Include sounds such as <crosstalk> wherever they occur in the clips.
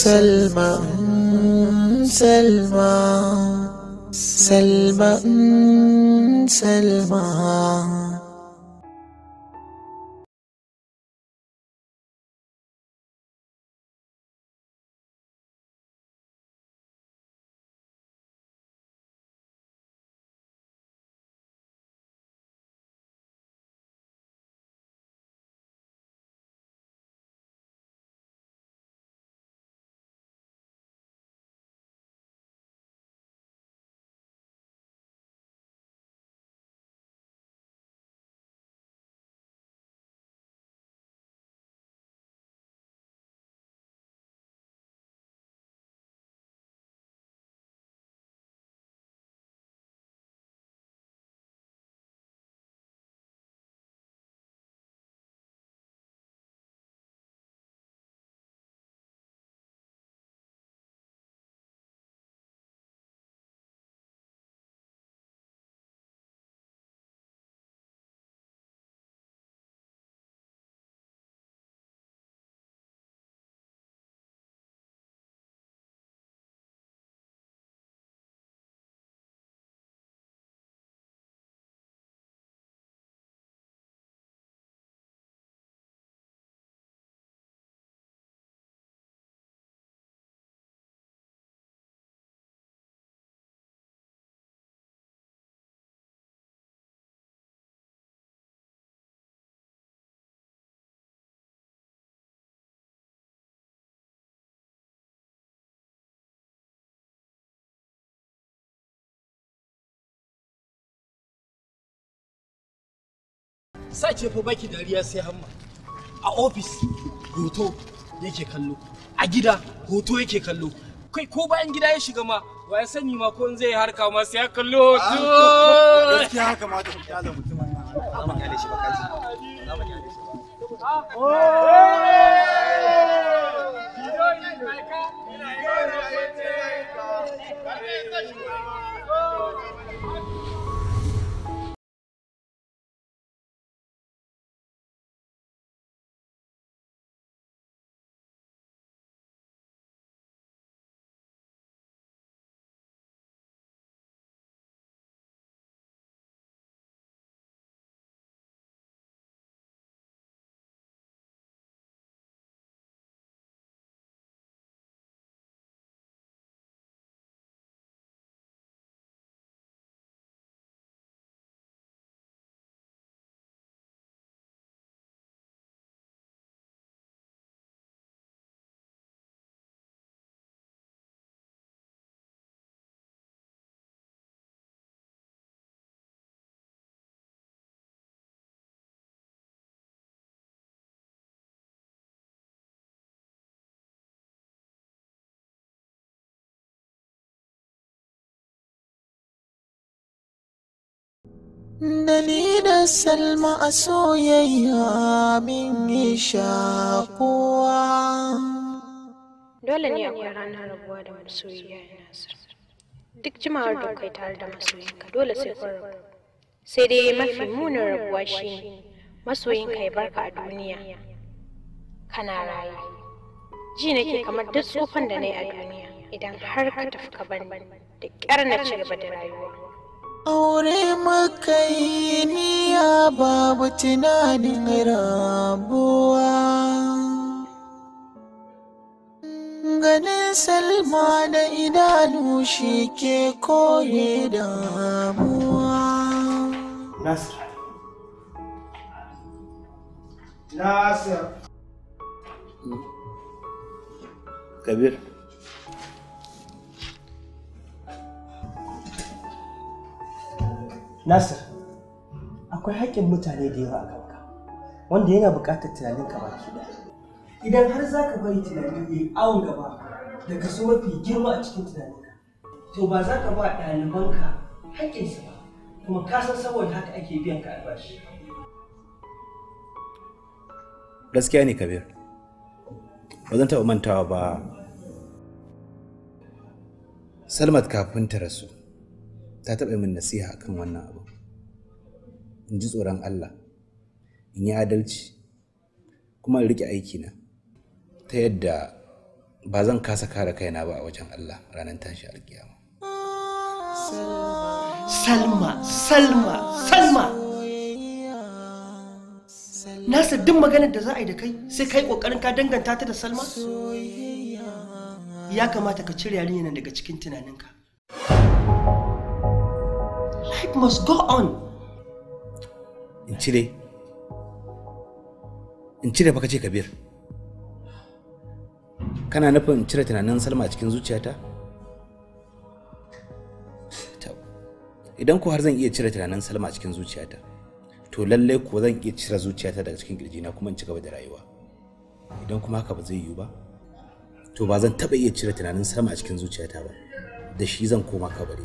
Selma, Selma, Selma, Selma, sace fa baki dariya sai hamma a ofis hoto yake kallo a gida hoto yake kallo kai ko bayan gida ya shiga ma wa ya sani ma ko zai harka ma sai ya kallo hoto gaskiya haka ma ta kyala mutumin nan amma ya da shi ba kai amma ya da shi ba da da salma a soyayya min yi shakuwa dole ne akwai ranar rabuwa da masoyiya ya nasar, duk jimawar da kai tare da masoyinka dole sai kun rabu sai dai mafi munin rabuwa shine masoyinka ya barka a duniya kana raye ji nake kamar duk tsofan da na yi a duniya idan har ka tafi ka bani da ƙyar na ci gaba da rayuwa aure maka yi ya babu tunanin rabuwa ganin salma da idanu shi ke koye damuwa nasir nasir kabir Nasir, akwai haƙƙin mutane da yawa a kanka wanda yana buƙatar tunanin ka baki ɗaya. Idan har za ka bari tunani ya yi awon gaba da so mafi girma a cikin tunaninka, to ba za ka ba ɗalibanka su ba, kuma ka san saboda haka ake biyan ka albashi. Gaskiya ne Kabir, ba zan taɓa mantawa ba Salmat kafin ta rasu. ta taɓa min nasiha a kan wannan abu in ji tsoron Allah in yi adalci kuma in riƙe aikina ta yadda ba zan kasa kare kaina ba a wajen Allah ranar tashi alkiyama. Salma, Salma, Salma! Nasa duk maganar da za a yi da kai sai kai ƙoƙarin ka danganta ta da Salma? Ya kamata ka cire yarinyar daga cikin tunaninka. life must go on in cire in cire baka ce kabir kana nufin in cire tunanin salma a cikin zuciyata idan ko har zan iya cire tunanin salma a cikin zuciyata to lallai ko zan iya cire zuciyata daga cikin kirjina kuma in ci gaba da rayuwa idan kuma haka ba zai yiwu ba to ba zan taɓa iya cire tunanin salma a cikin zuciyata ba da shi zan koma kabari.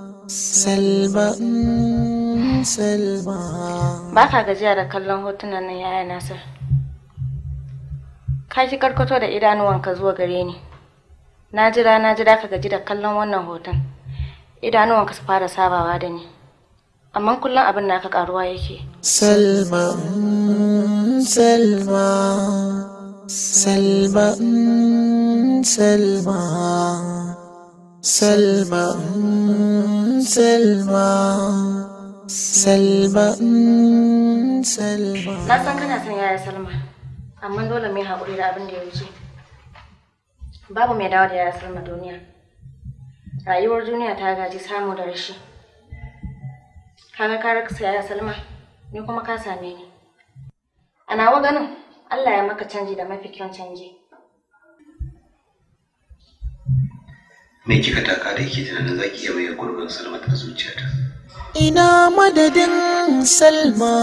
Salma mm, Salma. Ba ka gajiya da kallon hotunan nan yaya Nasir. Ka ki karkato da idanuwanka zuwa gare ni. Na jira na jira ka gaji da kallon wannan hoton. Idanuwanka su fara sabawa da ni. Amma kullum abin naka karuwa yake. Salma mm, Salma mm, Salma Salma Salma Selma Selma mm, Selma Na san kana son yaya Salma, amma dole mai haƙuri da abin da ya wuce. Babu mai dawo da yaya Salma duniya. Rayuwar duniya ta gaji samu da rashi. kare ka yaya Salma, ni kuma ka same ni. A nawa ganin Allah ya maka canji da mafi kyan canji. me kika taka da yake tunanin za ki iya mai gurbin salma ta zuciyata ina madadin salma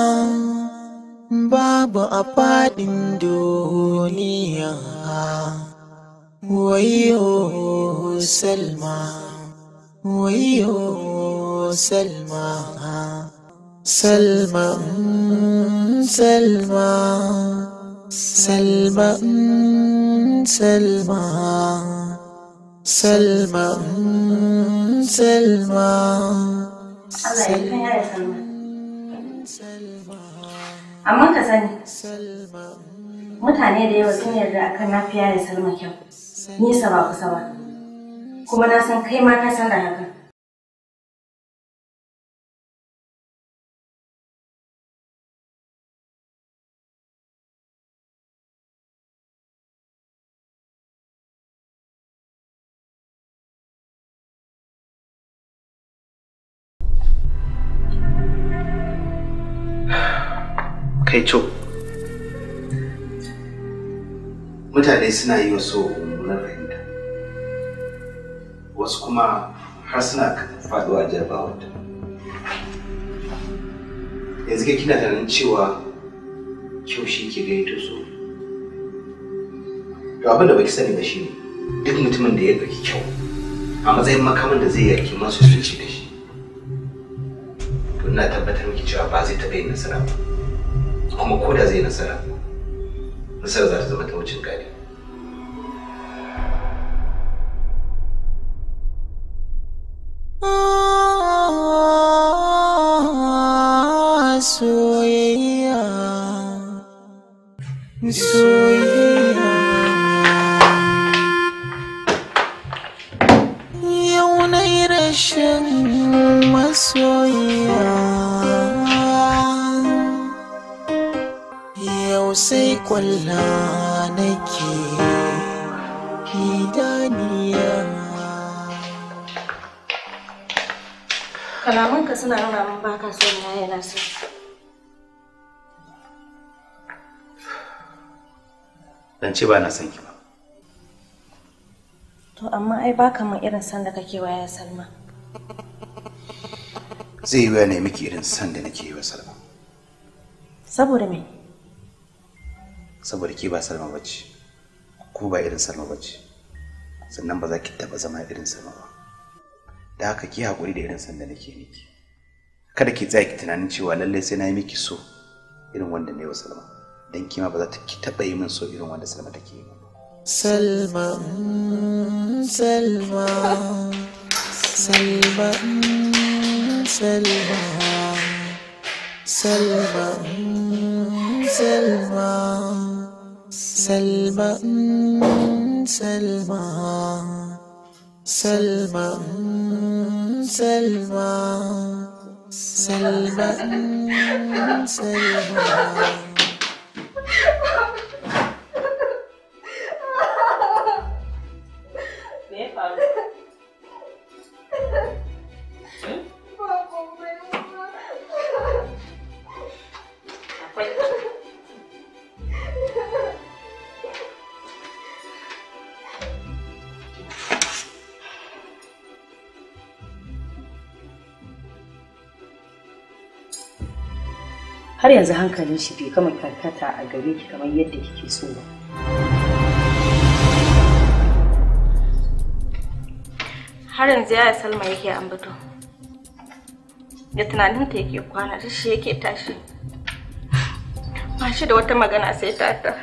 babu a faɗin duniya wayo salma wayo salma salma salma salma salma Salma, Salma. Allah ya Salma. Amma ka sani, mutane da yawa sun yarda akan na fiya da Salma kyau, nisa ba kusa ba. Kuma na san kai ma ka san da hakan. kai co mutane suna yi wa so fahimta wasu kuma har suna faduwa jarabawa yanzu kai kina tunanin cewa kyau shi ke gaito so to abin da baki sani ba ne, duk mutumin da ya ɗauki kyau a matsayin makamin da zai yaki masu sunci da shi to ina tabbatar miki cewa ba zai taɓa yin nasara ba kuma koda zai nasara nasara za ta zama ta wucin gadi ah, soyayya suna nuna min ba ka son na yana so. Dan ce ba na son ki ba. To amma ai ba ka min irin san da kake wa ya Salma. Zai yi ne miki irin san da nake yi wa Salma. Saboda me? Saboda ki ba Salma bace. Ko ba irin Salma bace. Sannan ba za ki taba zama irin Salma ba. Da haka ki haƙuri da irin san da nake miki. kada ki tsaya ki tunanin cewa lallai sai na yi miki so irin wanda na yi wa salma don kima ba za ta ki taɓa yi min so irin wanda salma take yi salma salma salma salma salma salma salma salma salma salma سلبا سلبا har yanzu hankalin shi bai gama karkata a gare ki kamar yadda kike so ba har yanzu ya salma yake ambato da tunaninta yake kwana da shi yake tashi ba shi da wata magana sai ta ta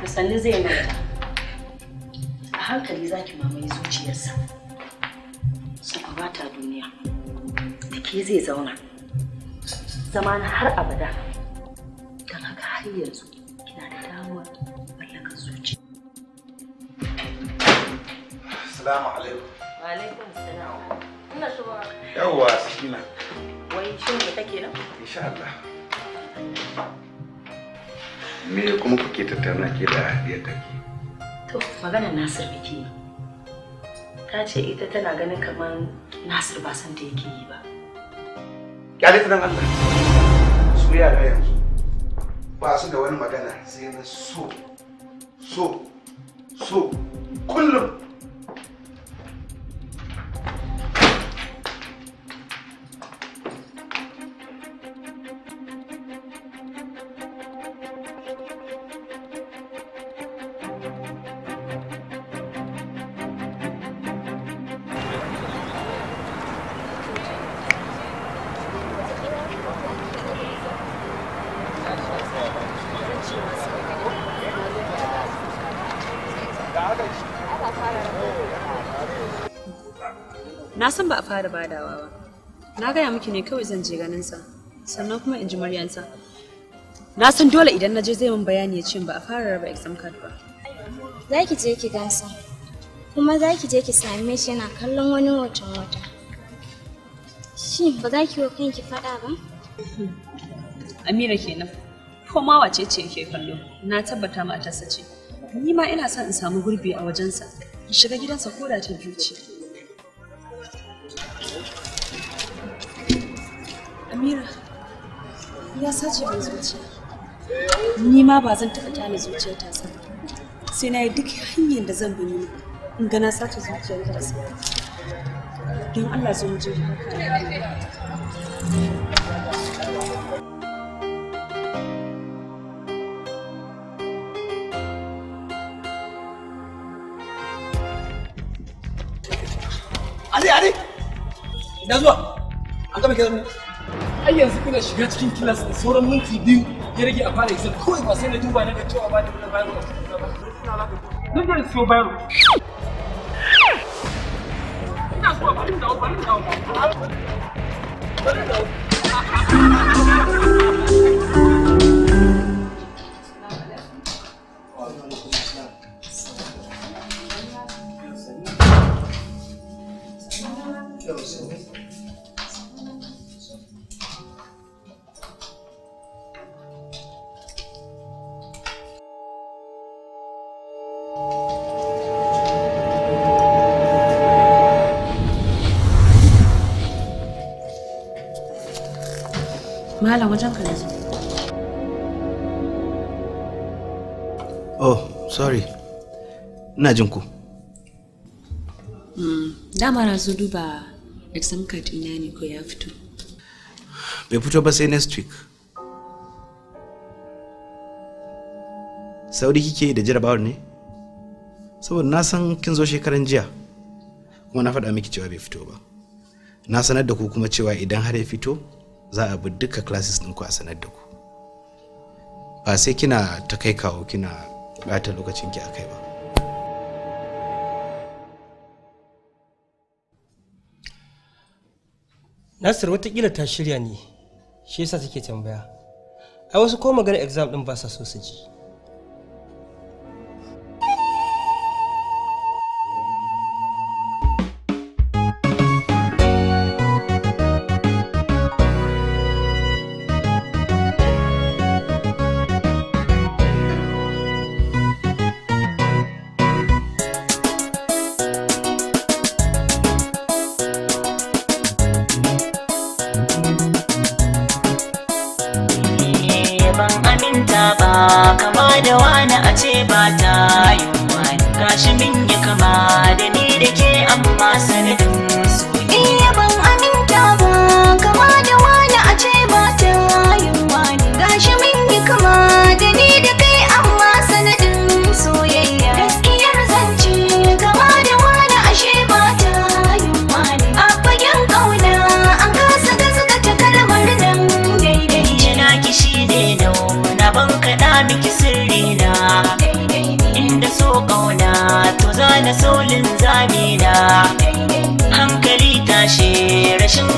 musalli zai manta hankali za ki mamaye zuciyarsa ta duniya da ke zai zauna zama na har abada don haka har yanzu kina da damar mallaka zuciya Assalamu alaikum. Wa alaikum salam. Ina ba yawa Sakina. Wai shin da kake nan? Insha Allah. Me kuma kuke tattauna ke da yadda ke? To, magana Nasir da ne Ta ce ita tana ganin kamar Nasir ba san ta yake yi ba. Kyale ta Allah. Su yara yanzu ba su da wani magana sai na so, so, so, kullum san ba a fara badawa ba na gaya miki ne kawai zan je ganin sa sannan kuma in ji muryansa na san dole idan na je zai min bayani ya ce ba a fara raba exam card ba za ki je ki gasa, kuma za ki je ki same shi yana kallon wani watan wata shi ba za ki wa kanki fada ba amira kenan ko ma wace ce ke kallo na tabbata matarsa ce ni ma ina son in samu gurbi a wajensa in shiga gidansa ko da ta biyu ce Amira, ya sace mai zuciya. Ni ma ba zan taɓa tana zuciya ta ba. Sai na yi duk hanyar da zan bi ni in ga na sace zuciya da sa. Don Allah zo mu je. Ali, Ali! Ina zuwa! An gama kira ne? ai yanzu kuna shiga cikin kilas da sauran minti biyu ya rage a fara isa kawai ba sai na duba na ga cewa ba da wani bayarwa ina so ina jin ku hmm, dama na zo duba exam card ina ne ko ya fito bai fito ba sai next week saudi kike da jarabawar ne saboda na san kin zo shekaran jiya kuma na faɗa miki cewa bai fito ba na sanar da ku kuma cewa idan har ya fito za a bi duka classes ɗinku a sanar da ku ba sai kina ta kai kawo kina ɓata lokacin a kai ba nasir watakila ta shirya ne shi yasa take tambaya a wasu ko magana exam din ba sa so su ji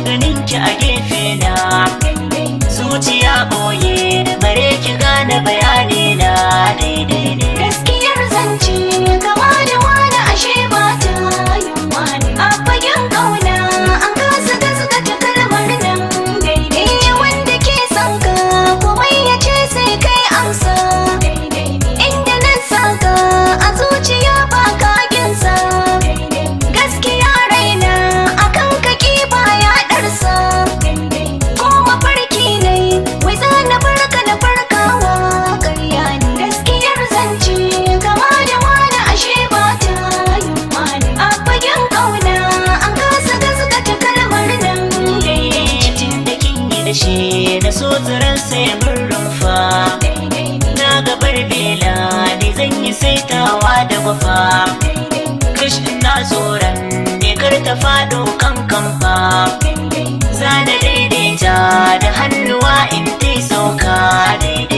ganinki a gefe na zuciya boye bare ki gane bayani na daidai ta faɗo kan kamfa zana da daidaita da hannuwa in ta sauka daidai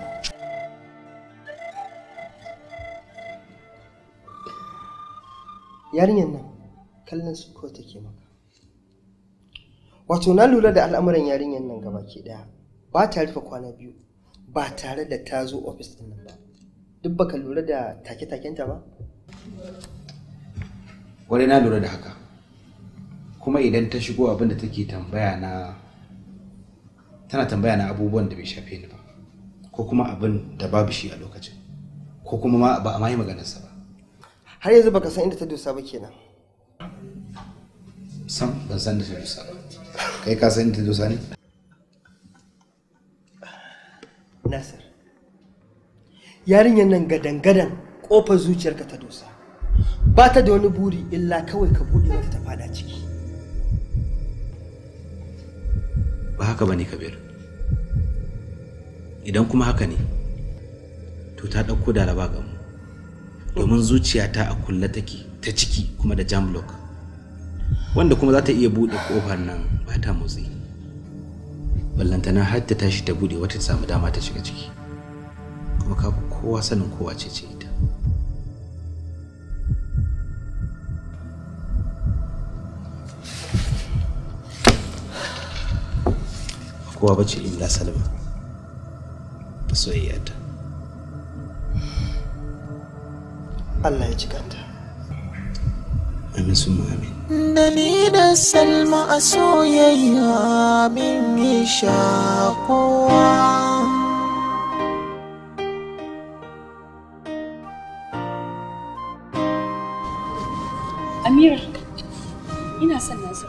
yarinyar nan kallon su kawai take maka wato na lura da al'amuran yarinyar nan gabaki daya ba ta rufe kwana biyu ba tare da ta zo ofis din nan ba duk baka lura da take-takenta ba wani na lura da haka kuma idan ta shigo abin da take tambaya na tana tambaya na abubuwan da bai shafe ni ba ko kuma abin da babu shi a lokacin ko kuma ba a ma maganarsa ba har yanzu baka san inda ta dosa ba kenan sam ban san da ta dosa ba kai ka san inda ta dosa ne nasir yarinyar nan gadan-gadan kofar zuciyarka ta dosa ba ta da wani buri illa kawai ka buɗe mata ta fada ciki ba haka ba ne kabir idan kuma haka ne to ta ɗauko da raba mu domin zuciyata a kulle take ta ciki kuma da jam block wanda kuma za ta iya buɗe ƙofar nan ba ta motsi ballantana har ta tashi ta buɗe wata samu dama ta shiga ciki kuma ka kowa sanin kowa ce ce ita kowa bace illa salma ta soyayya ta Allah ya cikanta amin su amin da ni da salma a soyayya min yi shakuwa Amira, ina son Nasir.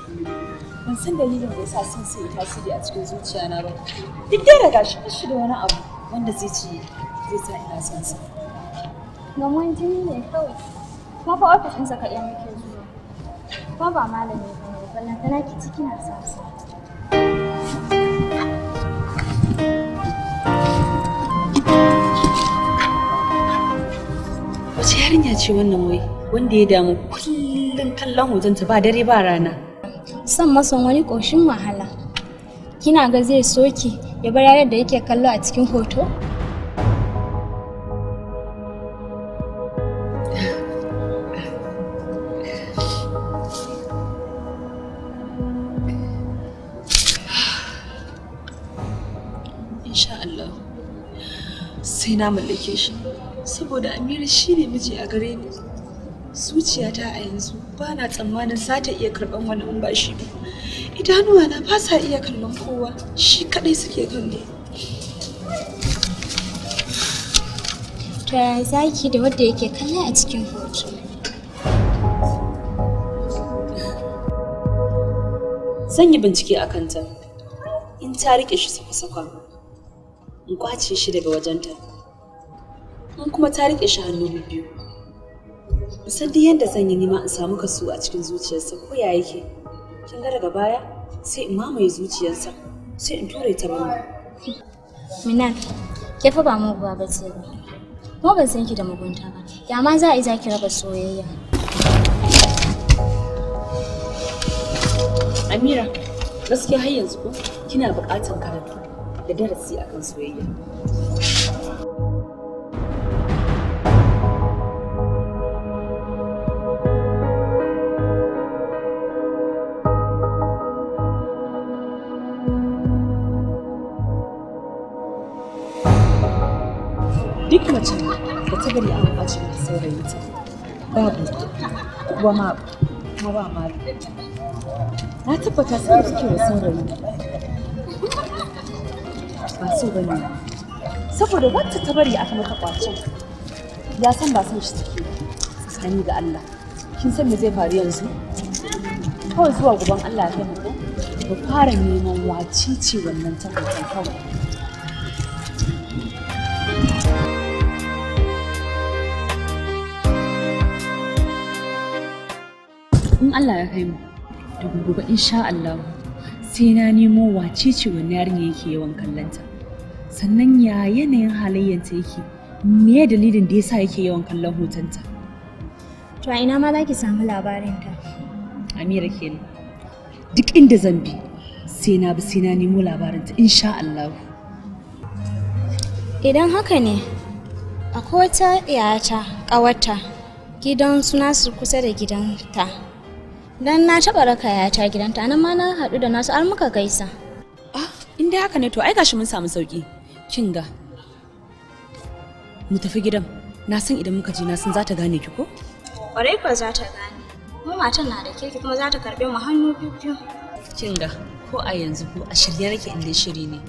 Ban san dalilin da ya sa sun sai tasiri a cikin zuciya na ba. Duk dai daga shi da wani abu wanda zai ci zai sa ina son sa. Gamon jini ne kawai. Kuma fa ofis ɗinsa kaɗai muke zuwa. Kuma ba malami ba ne, ballantana ki ci kina sasa. Wace yarinya ce wannan wai wanda ya damu kullum kallon hotonta ba dare ba rana. Son mason wani ƙoshin wahala. Kina ga zai soki ya bar yarar da yake kallo a cikin hoto? na mallake shi saboda Amira shi ne miji a gare ni. Zuciyata a yanzu ba na tsammanin za ta iya karɓar wani in ba shi ba. Idanuwa na ba sa iya kallon kowa shi kaɗai suke kallo. To zaki da wadda yake kalla a cikin hoto? Zan yi bincike a kanta. In ta riƙe shi sakwa-sakwa, in kwace shi daga wajenta. in kuma ta riƙe shi hannu biyu san duk yadda zan yi nima in samu kaso a cikin zuciyarsa ko ya yake kin ga daga baya sai in mamaye zuciyarsa sai in ture ta mana minan ke fa ba mu ba ce ba kuma ban san ki da mugunta ba ya ma za a yi za ki raba soyayya amira gaskiya har yanzu ko kina buƙatar karatu da darasi akan soyayya bari aka kwace mata saurayinta babu ma ta ba ma na tabbata da saurayi ba so ba ne saboda wata ta bari aka mata kwacen ya san ba san shi take tsakani ga Allah kin san me zai faru yanzu kawai zuwa gaban Allah ya kai mu fara neman wacece ce wannan tabbatar kawai Allah ya kai mu da gobe insha Allah sai na nemo wace ce wani yarinya yake yawan kallanta sannan ya yanayin halayyanta yake me dalilin da yasa yake yawan kallon hotonta to a ina ma za ki samu labarin ta Amira kenan duk inda zan bi sai na bi sai na nemo labarin ta insha Allah idan haka ne akwai wata yayata ƙawata gidan suna su kusa da gidanta Dan na taɓa raka ta gidanta nan ma na haɗu da nasu har muka gaisa. Ah, in dai haka ne to ai gashi mun samu sauki. Kin ga. Mu tafi gidan. Na san idan muka je na san za ta gane ki ko? Kwarai kwa za ta gane. Mu matan na da kirki kuma za ta karɓe mu hannu biyu. Kin ga ko a yanzu ko a shirye nake inda shiri ne.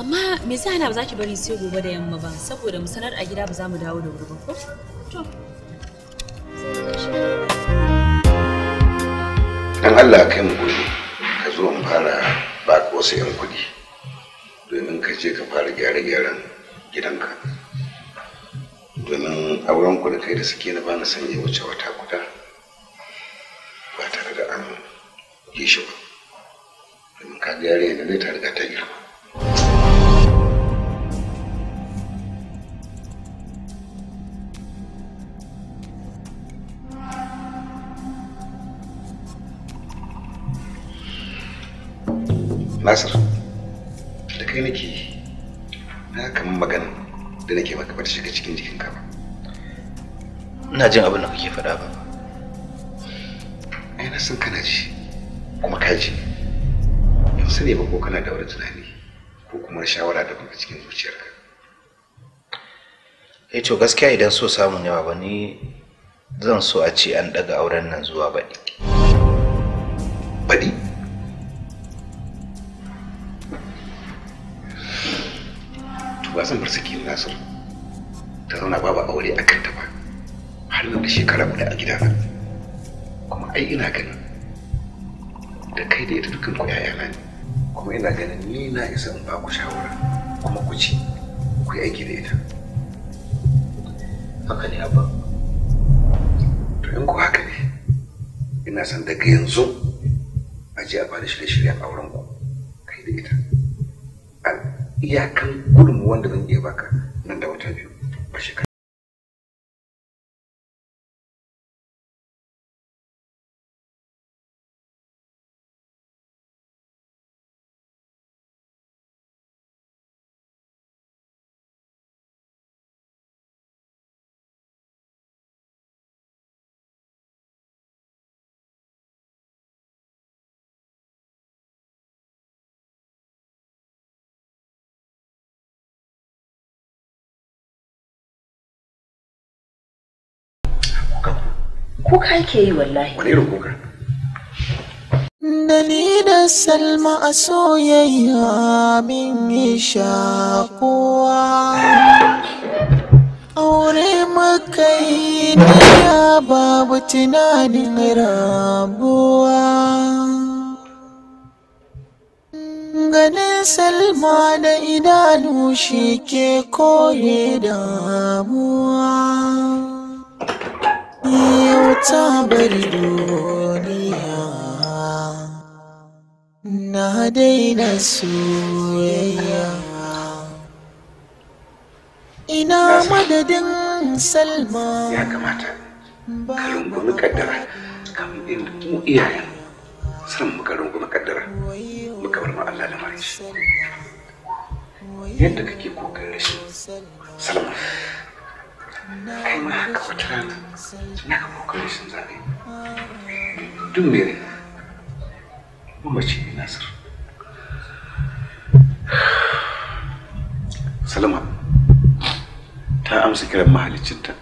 Amma me za na ba za ki bari sai gobe da yamma ba saboda mu sanar a gida ba za mu dawo da wuri ba ko? To. Thank you. dan allah kai mu ka zo in fara ba ka wasu yan kuɗi domin ka je ka fara gyare-gyaren gidanka domin auren ku da kai da suke na ba na sanya wuce wata guda ba tare da an yi shi ba domin ka gyare da zai ta riga ta girma ina jin abin da kake faɗa ba ai na san kana ji kuma ka ji ban sani ba ko kana da wani tunani ko kuma shawara da kuma cikin zuciyarka eh to gaskiya idan so samun yawa ba ni zan so a ce an daga auren nan zuwa baɗi baɗi to ba zan bar sakin nasiru ta zauna babu aure a kanta ba da shekara guda a gidana kuma ai ina ganin da kai da ita dukanku ku yayana ne kuma ina ganin ni na isa in ba ku shawara kuma ku ci ku yi aiki da ita haka ne abba to in ku haka ne ina son daga yanzu a je a bada shirye-shiryen auren ku kai da ita iyakan gudunmu wanda zan iya baka kuka yake yi wallahi wani irin kuka da salma a soyayya min yi shakuwa aure makai ya babu tunanin rabuwa ganin salma da idanu shi ke kore damuwa ta bar duniya na daina soyayya ina madadin salma ya kamata ka rungumi kaddara kamar mu iyaye san muka rungumi kaddara muka bar ma Allah da shi yadda kake kokarin shi salma kai ma haka wata rana na ga kokarin sun zaɓe duk mere mamaci ne nasir salama ta amsa kiran mahalicinta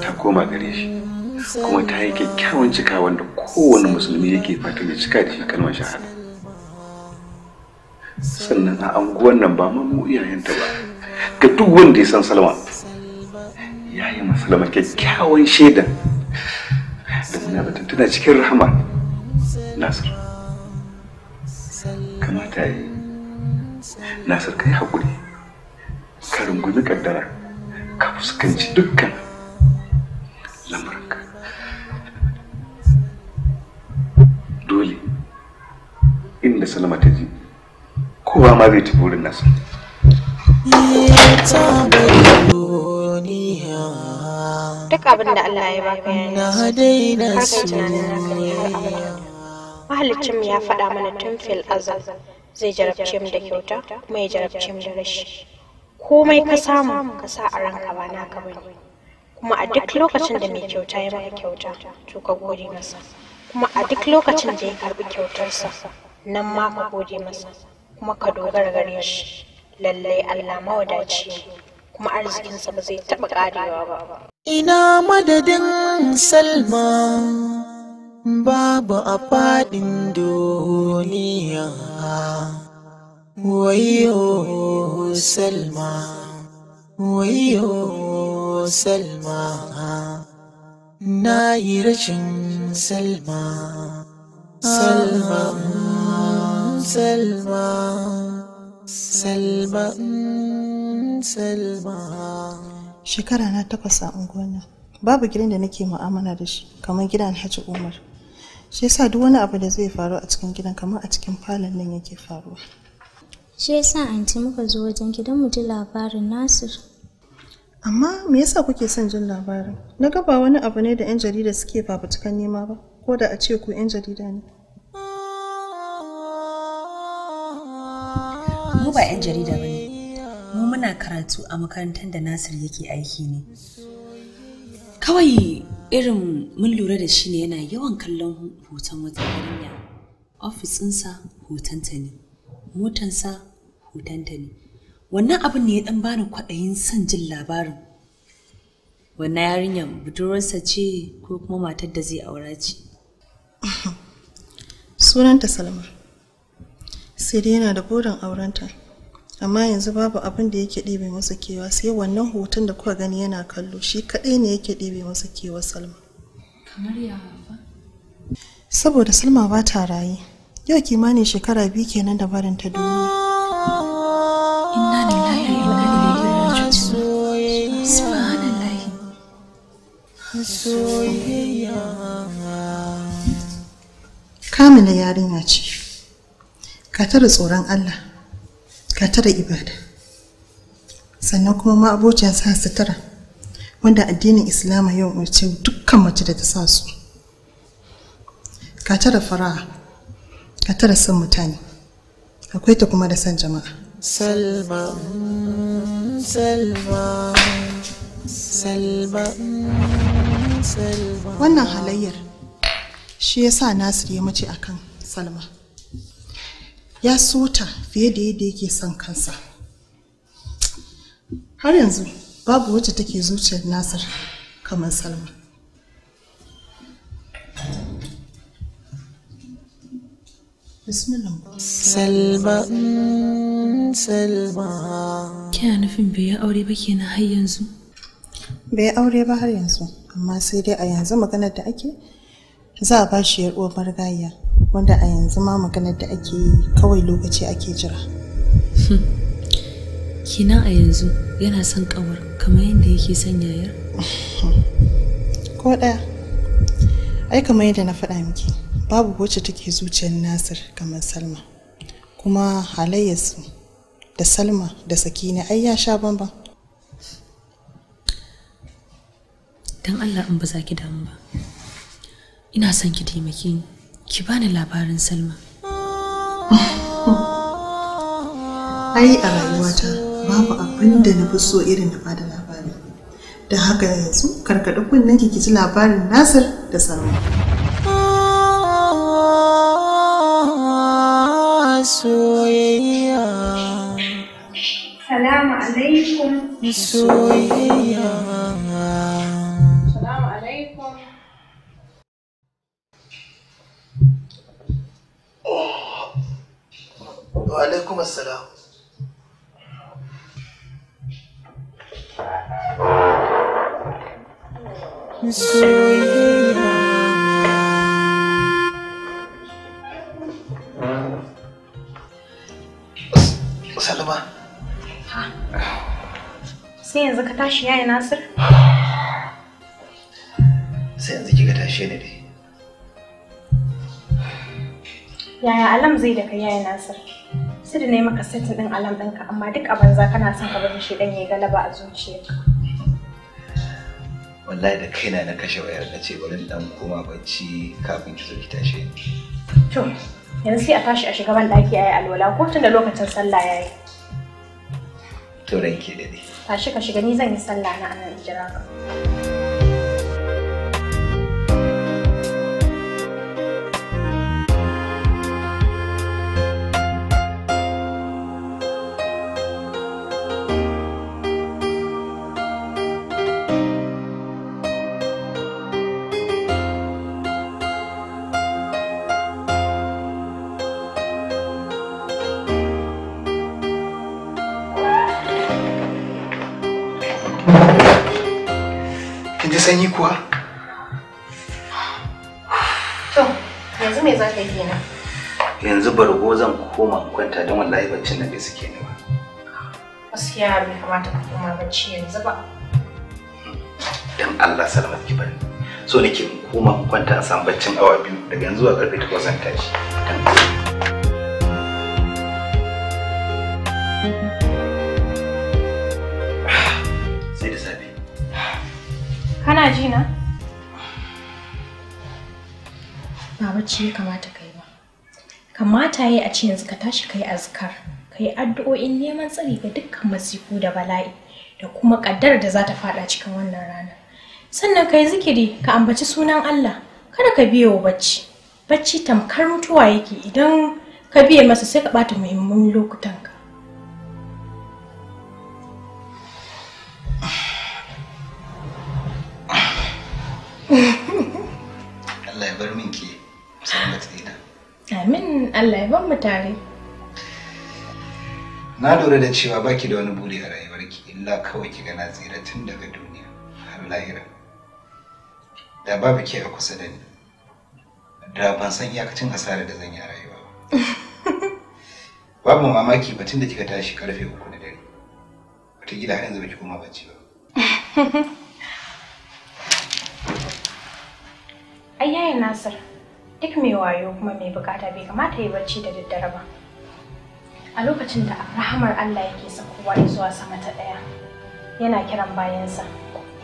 ta koma gare shi kuma ta yi kyakkyawan cika wanda kowane musulmi yake fatan ya cika da shi kalmar shahada sannan a anguwan nan ba mu iyayenta ba ga duk wanda ya san Salma. ma salama kyakkyawan shaidan da muna batun tana cikin rahama nasir kamata yi nasir ka yi haƙuri ka rungumi ƙaddara ka fuskanci dukkan lamuranka dole inda salama ta ji kowa ma zai tafi wurin nasir Yeah, duk abin da Allah ya baka ya yi kakan tunanin ne har mu ya faɗa mana tun fil azal zai jarabce mu da kyauta kuma ya jarabce mu da rashi komai ka samu ka sa a ranka ba na gaba ne. kuma a duk lokacin da mai kyauta ya maka kyauta to ka gode masa kuma a duk lokacin da ya karbi kyautarsa nan ma ka gode masa kuma ka dogara gare shi lallai Allah mawadaci ne kuma arzikinsa ba zai taɓa ƙarewa ba. Ina madadin Salma babu a faɗin duniya. Wayo Salma, wayo Salma, na yi rashin Salma, Salma, Salma, Salma. salma shekara na takwas a unguwannan babu gidan da nake mu'amala da shi kamar gidan hajji umar shi yasa duk wani abu da zai faru a cikin gidan kamar a cikin falon nan yake faruwa shi yasa anti muka zo wajen gidan mu ji labarin nasir amma me yasa kuke son jin labarin na ga ba wani abu ne da yan jarida suke fafutukan nema ba ko da a ce ku yan jarida ne mu ba yan jarida ba ne muna karatu a makarantar da Nasir yake aiki ne. Kawai irin mun lura da shi ne yana yawan kallon hoton wata yarinya. ofisinsa ɗinsa hotonta ne, motansa hotonta ne. Wannan abin ne ya ɗan bani kwaɗayin son jin labarin. Wannan yarinya budurwarsa ce ko kuma matar da zai aura ce. Sunanta Salma, sai dai yana da burin aurenta. amma yanzu babu abin da yake ɗebe masa kewa sai wannan hoton da kuka gani yana kallo shi kaɗai ne yake ɗebe masa kewa salma saboda salma ba ta raye yau kimanin shekara biyu kenan da barin ta duniya kamila yarinya ce ka tara tsoron Allah ka tara ibada sannan kuma ma'abocin sa sutura wanda addinin islamu yau umarce dukkan mace da ta sa su ka tara da fara'a tara son mutane akwai ta kuma da son jama'a salma salma salma salma wannan halayyar shi ya sa nasir ya mace akan salma ya so ta fiye da yadda yake son kansa har yanzu babu wacce take zuciyar nasir kamar salma Salma, Salma. Kina nufin bai yi aure ba kenan har yanzu? Bai aure ba har yanzu, amma sai dai a yanzu maganar da ake za a bashi yar uwar marigayya wanda a yanzu ma maganar da ake yi kawai lokaci ake jira hmm. kina a yanzu yana son kawar kamar yadda yake son yayar ko ɗaya ai kamar yadda na faɗa miki babu wacce take zuciyar nasir kamar salma kuma halayyarsu da salma da sakina ai ya sha bamba dan allah in ba za ki damu ba ina son ki taimake ni ki bani labarin salma <laughs> ai a rayuwata babu abin da na fi so irin da bada labari da haka yanzu karkaɗi kunnen ki ji labarin nasir da salma salamu alaikum wa alaikum assalam Salma. Sai yanzu ka tashi yayi Nasir? Sai yanzu kika tashi ne dai. Yaya Alam zai da kai yayi Nasir? su da nema ka setin ɗin alam ɗinka amma duk a banza kana son ka bari shi ɗan ya galaba a zuciyarka. Wallahi da kaina na kashe wayar na ce bari dan koma bacci kafin ki zo ki tashe ni. To yanzu sai a tashi a shiga ban ɗaki a yi alwala ko tun da lokacin sallah ya yi. To ranke da ne. Tashi ka shiga ni zan yi sallah na anan jira ka. ka kenan yanzu bargo zan koma kwanta don wallahi baccin nan da suke ni ba gaskiya bai kamata ka koma bacci yanzu ba dan Allah salamat ki bari so nake koma kwanta a samu baccin awa biyu daga yanzu a karfe 8 zan tashi <sighs> da Allah Kana ji na? ba bacci ya kamata ka yi ba kamata ya yi a ce yanzu ka tashi ka yi azkar ka yi addu'o'in neman tsari ga dukkan masifu da bala'i da kuma kaddar da za ta fada cikin wannan rana sannan ka yi zikiri ka ambaci sunan Allah kada ka biye bacci bacci tamkar mutuwa yake idan ka biye masa sai ka bata muhimman lokutanka Sa'adat Amin Allah ya ban mutane. Na lura da cewa baki da wani buri a rayuwarki illa kawai ki gana tsira daga duniya har lahira. Da ba ke a kusa da ni. Da ban san iyakacin asarar da zan yi a rayuwa ba. <laughs> Babu mamaki batun da kika tashi karfe uku na dare. Wataƙila har yanzu baki koma bacci ba. Ayyayin <laughs> Nasir. duk mai wayo kuma mai bukata bai kamata ya barci da daddare ba a lokacin da rahamar Allah yake sakowa zuwa sama ta ɗaya yana kiran bayansa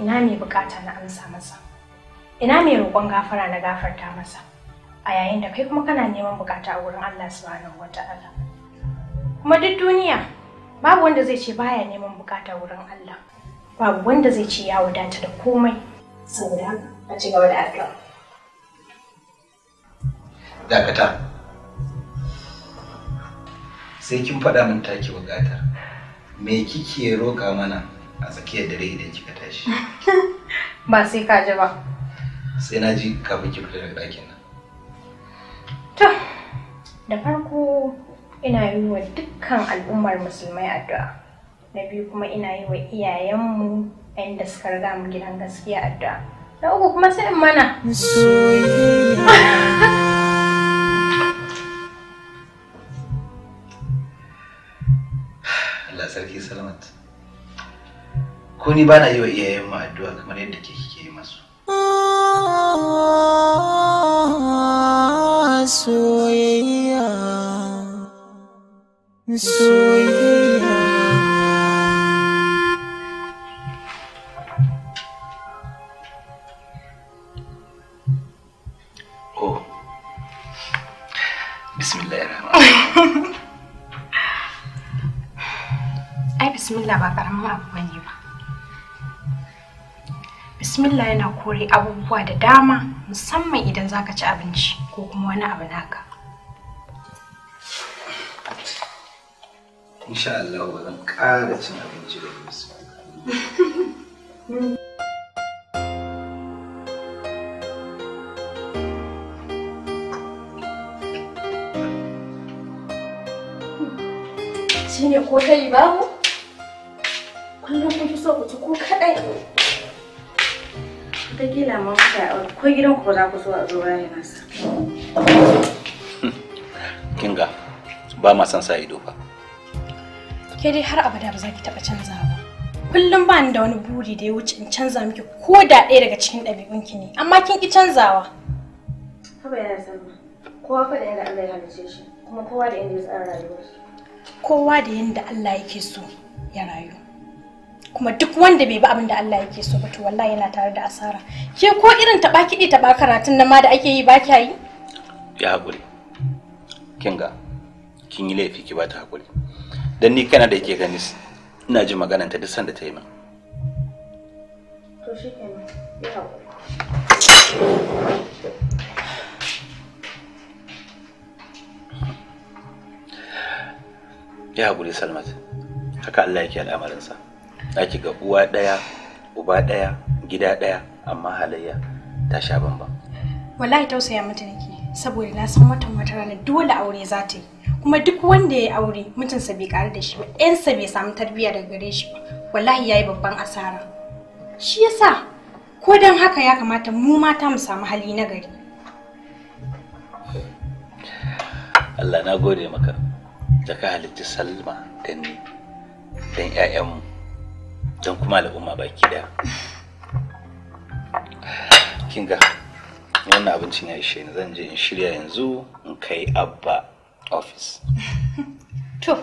ina mai bukata na amsa masa ina mai roƙon gafara na gafarta masa a yayin da kai kuma kana neman bukata a wurin Allah subhanahu wata'ala kuma duk duniya babu wanda zai ce baya neman bukata wurin Allah babu wanda zai ce ya wadata da komai saboda a ci gaba da addu'a dakata sai kin faɗa min take buƙatar me kike roka mana a tsakiyar dare idan kika tashi <laughs> ba sai ka ji ba sai na ji kafin ki fita daga ɗakin nan to da farko ina yi wa dukkan al'ummar musulmai addu'a na biyu kuma ina yi wa iyayenmu inda suka riga mu gidan gaskiya addu'a na uku kuma sai in mana soyayya <laughs> sarki salamat ko ni bana yi wa iyayen mu addu'a kamar yadda ke kike yi masu soyayya soyayya bismillah ba karamin abu ne ba bismillah yana kore abubuwa da dama musamman idan zaka ci abinci ko kuma wani abu naka insha Allah ba ƙara cin abinci da bismillah shine ko kai babu kullum kun fi so ku ci ko kaɗai wataƙila ma kuka yi aure ko gidan ku ba za ku so a zo bayan nasa hmm. kinga ba ma son sa ido fa ke dai har abada ba za ki taɓa canza ba kullum ba ni da wani buri da ya wuce in canza miki ko da ɗaya daga cikin ɗabi'unki ne amma kin ki canzawa haba ya sama kowa fa da yadda Allah ya halice shi kuma kowa da yadda ya tsara rayuwar kowa da yadda Allah yake so ya rayu kuma duk wanda bai bi abin da Allah yake so ba to wallahi yana tare da asara ke ko irin taba kidi taba karatun nan ma da ake yi ba kya yi ya hakuri kin ga kin yi laifi ki ba ta hakuri dan ni kana da yake gani ina ji maganar ta duk sanda ta yi min to shikenan ya hakuri ya hakuri salmat haka Allah yake al'amarinsa zaki ga uwa ɗaya uba ɗaya gida ɗaya amma halayya ta sha bamban wallahi tausaya mata nake saboda na san watan wata rana dole aure za ta yi kuma duk wanda ya aure mutunsa bai ƙaru da shi ba ɗansa bai samu tarbiyya daga gare shi ba wallahi yi babban asara shi yasa ko don haka ya kamata mu mata mu samu hali na gari Allah na gode maka da ka halitta Salma da ni dan 'ya'yanmu don kuma al'umma baki daya kinga wannan abincin ya ishe ni zan je in shirya yanzu in kai abba office <laughs> to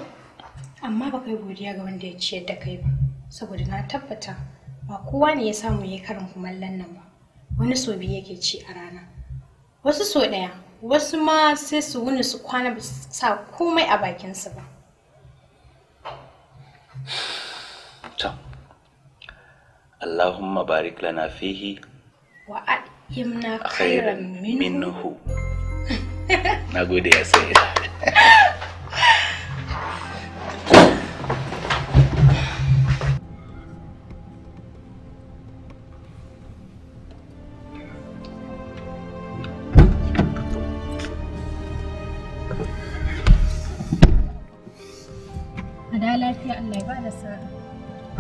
amma ba kai godiya ga wanda ya ciyar da kai ba saboda na tabbata ba kowa ne ya samu ya karin kumallon nan ba wani so biyu yake ci a rana wasu so ɗaya wasu ma sai su wuni su kwana ba sa komai a bakinsu ba اللهم بارك لنا فيه وأعلمنا خيرا منه na gode ya sai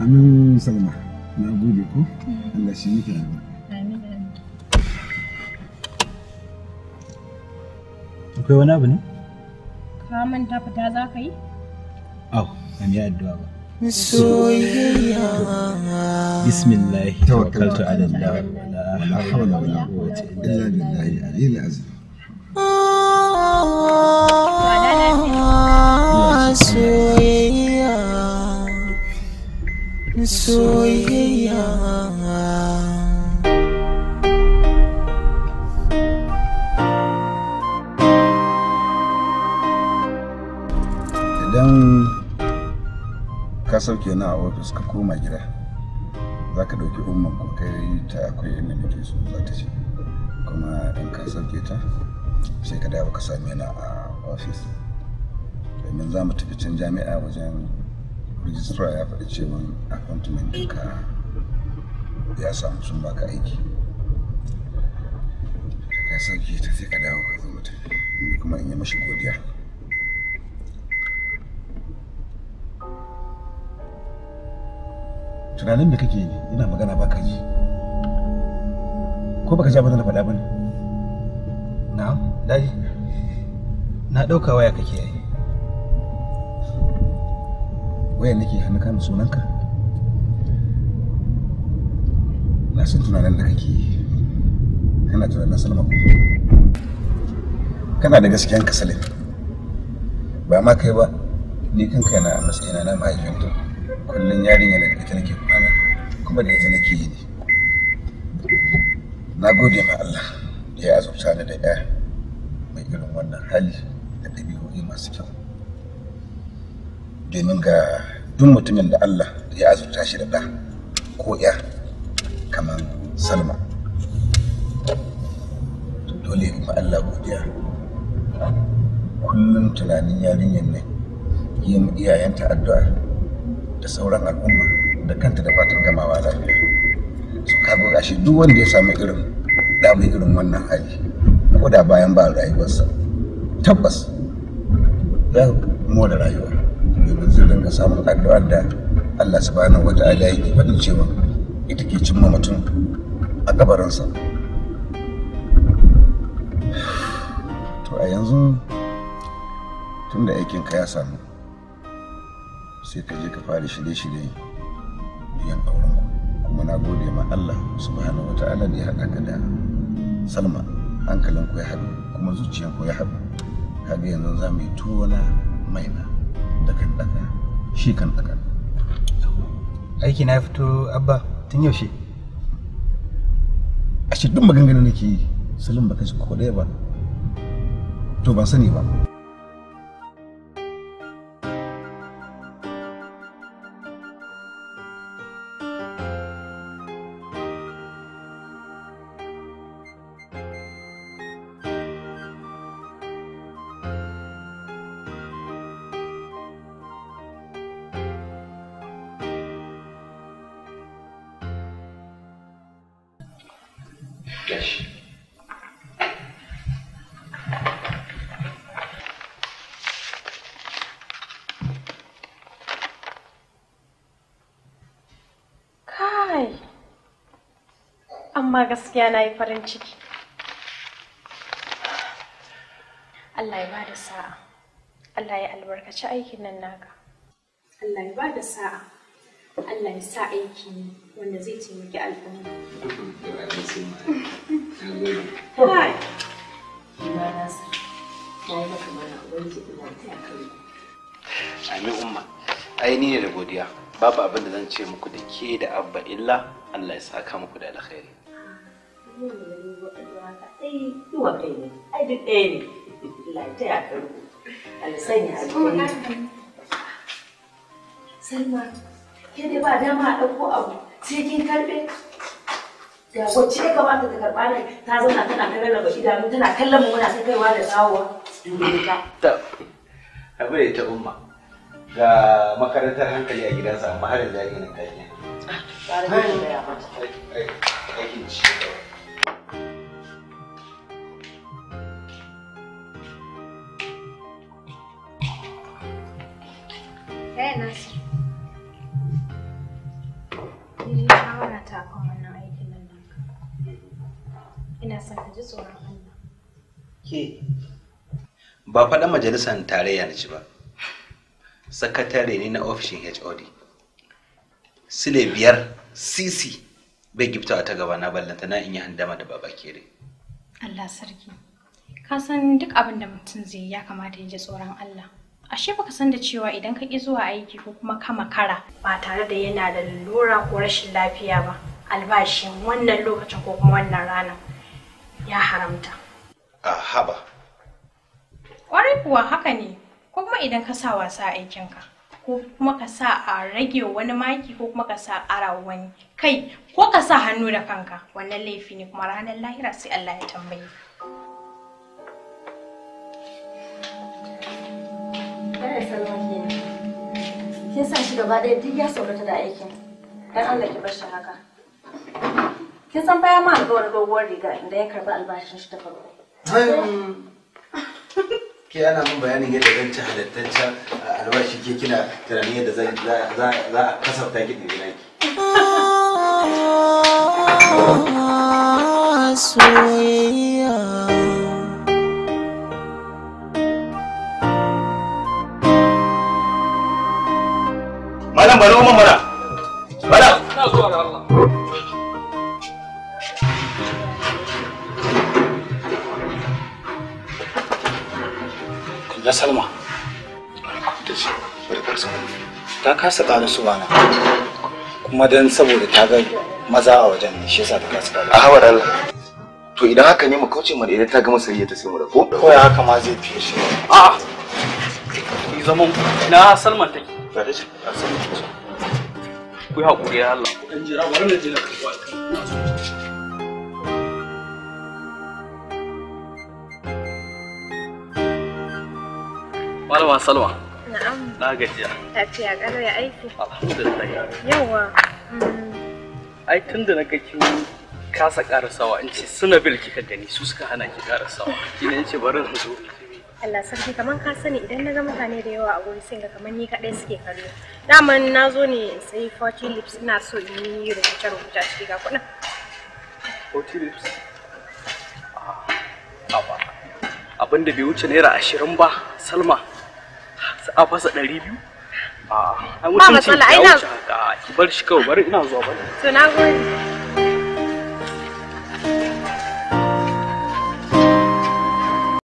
Amin Salma. na gode ko hmm. Allah shi miki Amin. akwai wani abu ne ka manta fita za ka yi au an yi addu'a ba bismillah tawakkaltu ala Allah Wala hawla wala quwwata illa billah al-aliyyil azim ah, soyayya soyayya idan ka sauke na a ofis ka koma gida za ka ɗauki umar ko kai ta akwai inda nake so za ta ce kuma in ka sauke ta sai ka dawo ka same na a ofis domin za mu tafi can jami'a wajen registrar ya faɗi cewa appointment ɗinka ya samu sun baka aiki ka sauki ta sai ka dawo ka zo mutum kuma in yi mashi godiya tunanin da kake yi ina magana baka yi ko baka ji abin da na faɗa ba ne na dai na ɗauka waya kake yi wayan nake hannu kan sunanka na san tunanin da kake kana tunanin salma ko kana da gaskiyan ka salim ba ma kai ba ni kan kai na matsayina na kullun yarin yana da ita nake kwana kuma da ita nake yi na gode ma Allah da ya azubta ni da ɗaya mai irin wannan hali da ɗabi'o'i masu kyau domin ga duk mutumin da Allah ya azurta shi da ɗa ko ya kamar salma dole in Allah godiya kullum tunanin yarinyar ne yin iyayenta addu'a da sauran al'umma da kanta da fatan gamawa lafiya su kaga gashi duk wanda ya sami irin da mai irin wannan hali ko da bayan ba rayuwarsa tabbas ya mu rayuwa ka dinga samun addu'ar da Allah subhanahu wata'ala yake faɗin cewa ita ke cimma mutum a kabarinsa to a yanzu tunda aikin ka ya samu sai ka je ka fara shirye-shirye yan auren kuma na gode ma Allah subhanahu wata'ala da ya haɗa ka da Salma hankalinku ya haɗu kuma zuciyanku ya haɗu kaga yanzu za mu yi tuwo na maina da kan shi kan ɗaga aiki na fito abba tun yaushe a shi duk maganganun da ke yi salim baka ji ko ɗaya ba to ba sani ba gaskiya na yi farin ciki Allah ya bada sa'a Allah ya albarkaci aikin nan naka Allah ya bada sa'a Allah ya sa aiki ne wanda zai taimaki al'umma Ina nasa na yi maka mana ubangi ina taya kai Amin umma ai ni ne da godiya babu abin da zan ce muku da ke da abba illa Allah ya saka muku da alkhairi ai yiwa kai ne ai duk ɗaya ne Allah ta ya karu alisanya a cikin Salma ke dai ba dama a ɗauko abu sai kin karɓe ga wacce ya kamata ta karɓa nan ta zauna tana ta raba idanu tana kallon mu muna ta kaiwa da kawowa ta abu da ta umma ga makarantar hankali a gidansa amma har yanzu ya gina kayan. Ƙarar da ya mata. Aikin ci. ba faɗan majalisar tarayya na ci ba sakatare ne na ofishin hod sile biyar cc bai giftawa ta gaba na ballanta na in handama da baba kere allah sarki ka san duk abin da mutum zai ya kamata ya ji tsoron allah ashe baka san da cewa idan ka ƙi zuwa aiki ko kuma ka makara ba tare da yana da lura ko rashin lafiya ba albashin wannan lokacin ko kuma wannan ranar ya haramta a haba Ƙwarai kuwa haka ne, ko kuma idan ka sa wasa aikinka, ko kuma ka sa a rage wani maki ko kuma ka sa ara wani kai ko ka sa hannu da kanka wannan laifi ne kuma ranar lahira sai Allah ya tambaye. Kin san shi gaba ɗaya duk ya saurata da aikin, dan Allah ki bar shi haka. Kin san baya ma alƙawarin doguwar riga inda ya karɓi albashin shi ta farko. <laughs> ke ana mun bayanin yadda zan ci halittacciyar albashi ke kina tunanin yadda za a kasafta ki ɗin naki. Soyayya. Malam bari umar kasa ba na kuma don saboda ta ga maza a wajen ne shi yasa ta kasa A hawar Allah. To idan haka ne mu kauce mu idan ta gama sayayya ta sai mu ko? Ko ya haka ma zai fiye shi. A'a. Ni zaman na Salman take. Ga da Ku yi haƙuri ya Allah. Ku ɗan jira bari na Malama Salma. Na gajiya. Tafiya ƙalau ya aiki. Alhamdulillah. Yawa. Mm. Ai tun da na ga kin ƙara sawa, in ce suna bil kika gani su suka hana ki karasawa. Shi ne in ce bari su? zo. Allah sarki kaman ka sani idan na ga mutane da yawa a guri sai ga kaman ni kadai suke kallo. Daman na zo ne in sayi 40 lips ina so in yi rubuce rubuce a ciki ga kuɗin. 40 lips? Ah, Abin da bai wuce naira ashirin ba, Salma. a fasa ɗari biyu a ah, mutunci ya wuce haka ki bar shi kawai bari ina zuwa bari to na gode